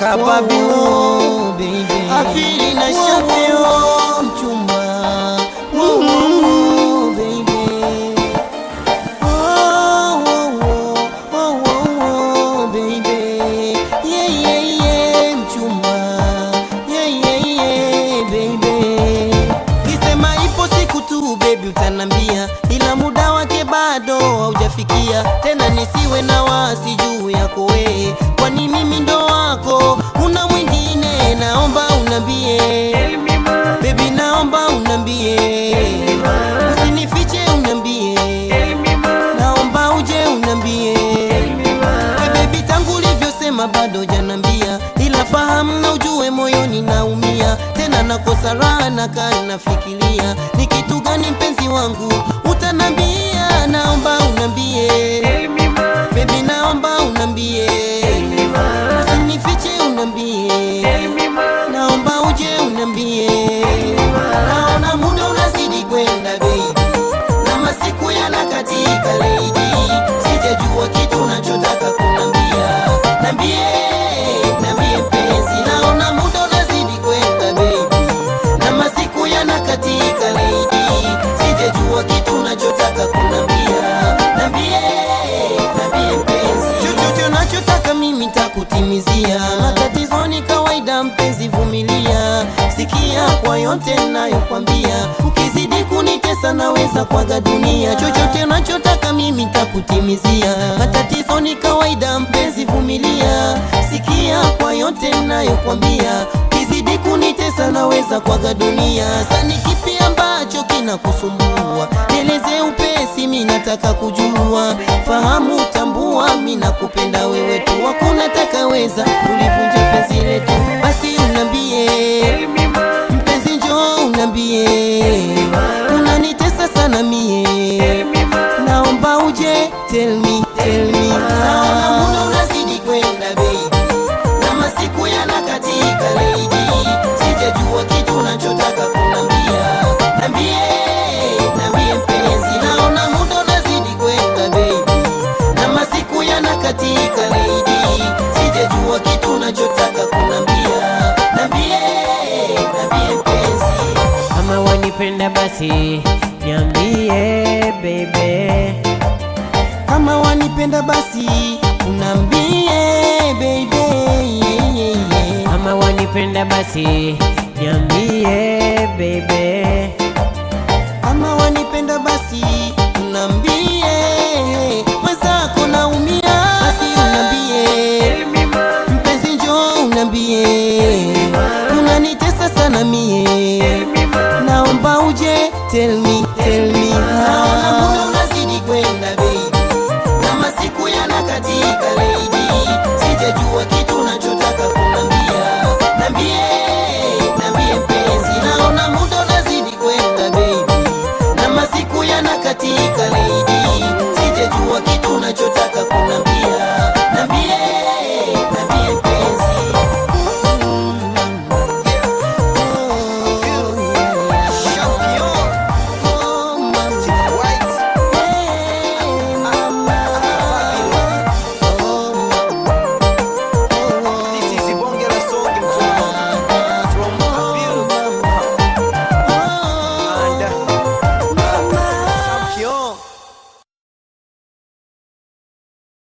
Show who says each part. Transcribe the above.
Speaker 1: kábàbí wọn kosa raha na kaa nafikiria ni kitu gani mpenzi wangu utanambia, naomba unambie baby, naomba yote ninayokwambia. Ukizidi kunitesa naweza kwaga dunia, chochote unachotaka mimi takutimizia. Matatizo ni kawaida, mpenzi, vumilia, sikia kwa yote nayokwambia Ukizidi kunitesa naweza kwaga dunia. sani ni kipi ambacho kinakusumbua? eleze upesi, minataka nataka kujua. Fahamu, tambua, mimi nakupenda wewe tu, hakuna takaweza 你别。unanipenda basi niambie bebe kama wanipenda basi unambie bebe yeah, yeah, yeah. kama wanipenda basi niambie bebe tell me, tell me how. Na mbona kwenda baby, yanakatika